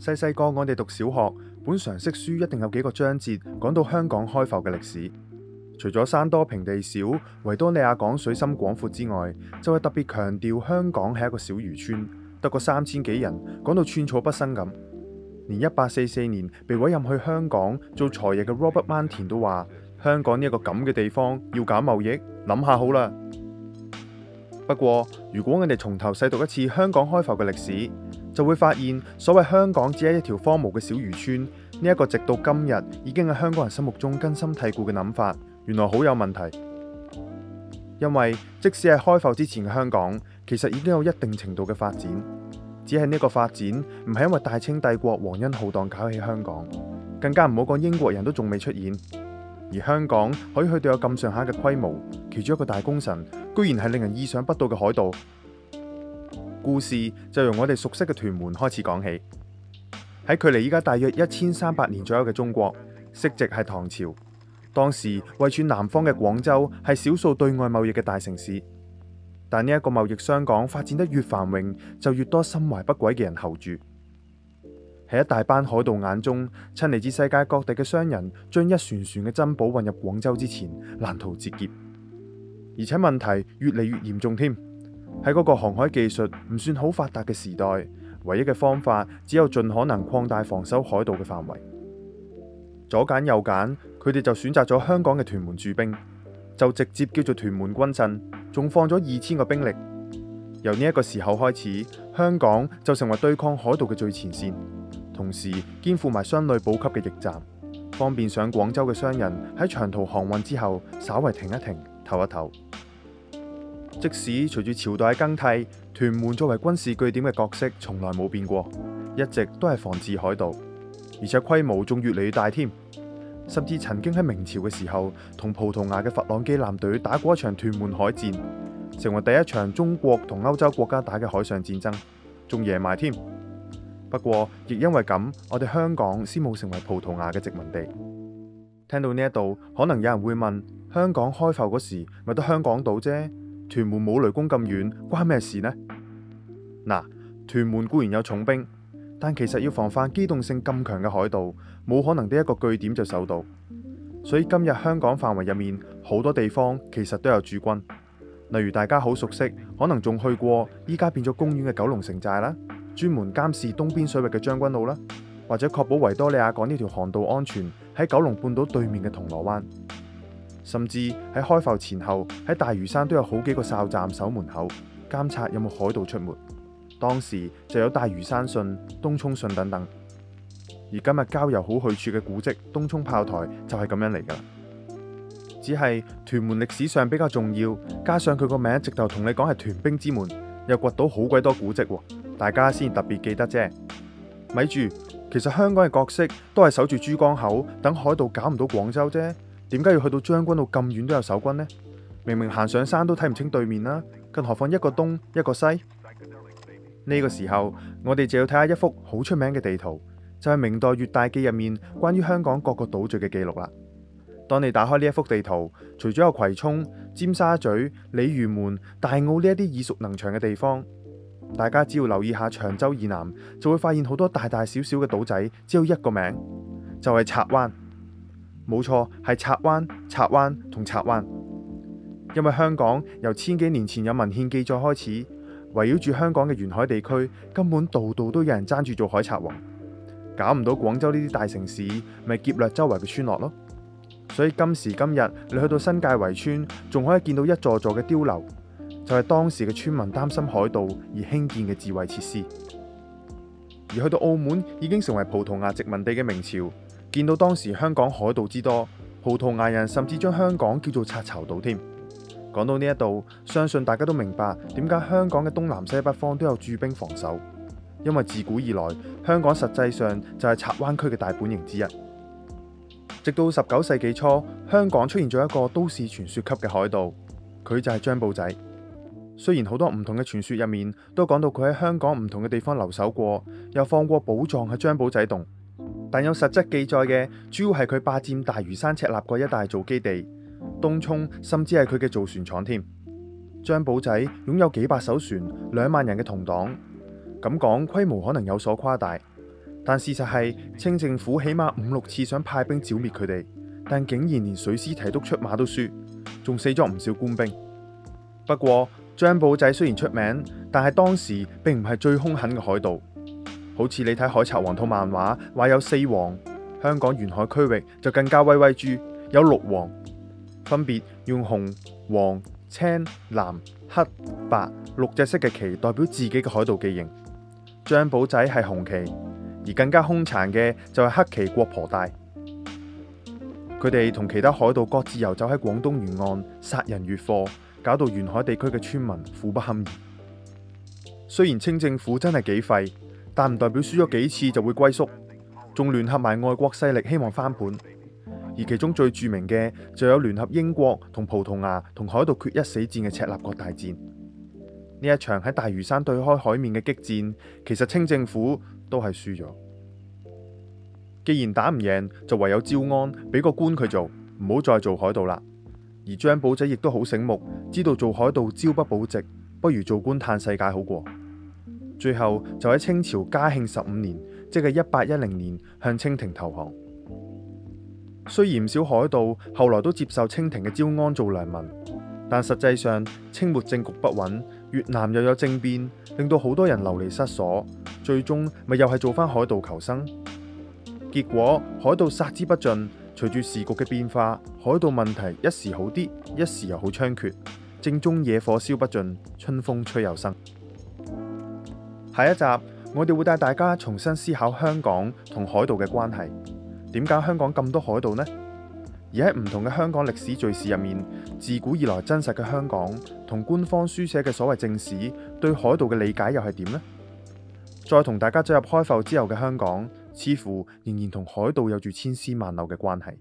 細細個我哋讀小學本常識書一定有幾個章節講到香港開埠嘅歷史，除咗山多平地少、維多利亞港水深廣闊之外，就會特別強調香港係一個小漁村，得過三千幾人，講到寸草不生咁。連一八四四年，年被委任去香港做財爺嘅 Robert Man 田都話：香港呢一個咁嘅地方要搞貿易，諗下好啦。不過，如果我哋從頭細讀一次香港開埠嘅歷史，就會發現所謂香港只係一條荒蕪嘅小漁村呢一個這個直到今日已經喺香港人心目中根深蒂固嘅諗法，原來好有問題。因為即使係開埠之前嘅香港，其實已經有一定程度嘅發展。只係呢個發展，唔係因為大清帝國皇恩浩蕩搞起香港，更加唔好講英國人都仲未出現，而香港可以去到有咁上下嘅規模，其中一個大功臣，居然係令人意想不到嘅海盜。故事就由我哋熟悉嘅屯門開始講起，喺距離依家大約一千三百年左右嘅中國，昔時係唐朝，當時位處南方嘅廣州係少數對外貿易嘅大城市。但呢一個貿易商港發展得越繁榮，就越多心懷不軌嘅人候住。喺一大班海盜眼中，趁嚟自世界各地嘅商人將一船船嘅珍寶運入廣州之前，難逃截劫。而且問題越嚟越嚴重添。喺嗰個航海技術唔算好發達嘅時代，唯一嘅方法只有盡可能擴大防守海盜嘅範圍。左揀右揀，佢哋就選擇咗香港嘅屯門駐兵。就直接叫做屯門軍鎮，仲放咗二千個兵力。由呢一個時候開始，香港就成為對抗海盜嘅最前線，同時肩負埋商旅補給嘅驛站，方便上廣州嘅商人喺長途航運之後，稍微停一停，唞一唞。即使隨住朝代更替，屯門作為軍事據點嘅角色，從來冇變過，一直都係防治海盜，而且規模仲越嚟越大添。甚至曾經喺明朝嘅時候，同葡萄牙嘅佛朗基艦隊打過一場屯門海戰，成為第一場中國同歐洲國家打嘅海上戰爭，仲贏埋添。不過，亦因為咁，我哋香港先冇成為葡萄牙嘅殖民地。聽到呢一度，可能有人會問：香港開埠嗰時咪得香港島啫，屯門冇雷公咁遠，關咩事呢？嗱，屯門固然有重兵。但其實要防範機動性咁強嘅海盜，冇可能呢一個據點就守到。所以今日香港範圍入面好多地方其實都有駐軍，例如大家好熟悉，可能仲去過，依家變咗公園嘅九龍城寨啦，專門監視東邊水域嘅將軍澳啦，或者確保維多利亞港呢條航道安全喺九龍半島對面嘅銅鑼灣，甚至喺開埠前後喺大嶼山都有好幾個哨站守門口，監察有冇海盜出沒。當時就有大嶼山信、東涌信等等，而今日郊遊好去處嘅古蹟東涌炮台就係咁樣嚟噶啦。只係屯門歷史上比較重要，加上佢個名直頭同你講係屯兵之門，又掘到好鬼多古蹟，大家先特別記得啫。咪住，其實香港嘅角色都係守住珠江口，等海盜搞唔到廣州啫。點解要去到將軍澳咁遠都有守軍呢？明明行上山都睇唔清對面啦，更何況一個東一個西。呢個時候，我哋就要睇下一幅好出名嘅地圖，就係、是、明代《粵大記》入面關於香港各個島嶼嘅記錄啦。當你打開呢一幅地圖，除咗有葵涌、尖沙咀、鯉魚門、大澳呢一啲耳熟能詳嘅地方，大家只要留意一下長洲以南，就會發現好多大大小小嘅島仔，只有一個名，就係、是、賊灣。冇錯，係賊灣、賊灣同賊灣。因為香港由千幾年前有文獻記載開始。圍繞住香港嘅沿海地區，根本度度都有人爭住做海賊王，搞唔到廣州呢啲大城市，咪劫掠周圍嘅村落咯。所以今時今日，你去到新界圍村，仲可以見到一座座嘅碉樓，就係、是、當時嘅村民擔心海盜而興建嘅自衛設施。而去到澳門，已經成為葡萄牙殖民地嘅明朝，見到當時香港海盜之多，葡萄牙人甚至將香港叫做賊巢島添。講到呢一度，相信大家都明白點解香港嘅東南西北方都有駐兵防守，因為自古以來，香港實際上就係賊灣區嘅大本營之一。直到十九世紀初，香港出現咗一個都市傳說級嘅海盜，佢就係張保仔。雖然好多唔同嘅傳說入面都講到佢喺香港唔同嘅地方留守過，又放過寶藏喺張保仔洞，但有實質記載嘅，主要係佢霸佔大嶼山赤鱲角一帶做基地。東涌，甚至係佢嘅造船廠添。張保仔擁有幾百艘船，兩萬人嘅同黨，咁講規模可能有所誇大，但事實係清政府起碼五六次想派兵剿滅佢哋，但竟然連水師提督出馬都輸，仲死咗唔少官兵。不過張保仔雖然出名，但係當時並唔係最凶狠嘅海盜。好似你睇《海賊王》套漫畫，話有四王，香港沿海區域就更加威威豬，有六王。分別用紅、黃、青、藍、黑、白六隻色嘅旗代表自己嘅海盜記型。張保仔係紅旗，而更加兇殘嘅就係黑旗郭婆帶。佢哋同其他海盜各自遊走喺廣東沿岸，殺人越貨，搞到沿海地區嘅村民苦不堪言。雖然清政府真係幾廢，但唔代表輸咗幾次就會歸宿，仲聯合埋外國勢力，希望翻盤。而其中最著名嘅，就有聯合英國同葡萄牙同海盜決一死戰嘅赤鱲角大戰。呢一場喺大嶼山對開海面嘅激戰，其實清政府都係輸咗。既然打唔贏，就唯有招安，俾個官佢做，唔好再做海盜啦。而張保仔亦都好醒目，知道做海盜朝不保夕，不如做官嘆世界好過。最後就喺清朝嘉慶十五年，即係一八一零年，向清廷投降。雖然唔少海盜，後來都接受清廷嘅招安做良民，但實際上清末政局不穩，越南又有政變，令到好多人流離失所，最終咪又係做翻海盜求生。結果海盜殺之不盡，隨住時局嘅變化，海盜問題一時好啲，一時又好猖獗正宗野火燒不盡，春風吹又生。下一集我哋會帶大家重新思考香港同海盜嘅關係。點解香港咁多海盜呢？而喺唔同嘅香港歷史敘事入面，自古以來真實嘅香港同官方書寫嘅所謂正史，對海盜嘅理解又係點呢？再同大家進入開埠之後嘅香港，似乎仍然同海盜有住千絲萬縷嘅關係。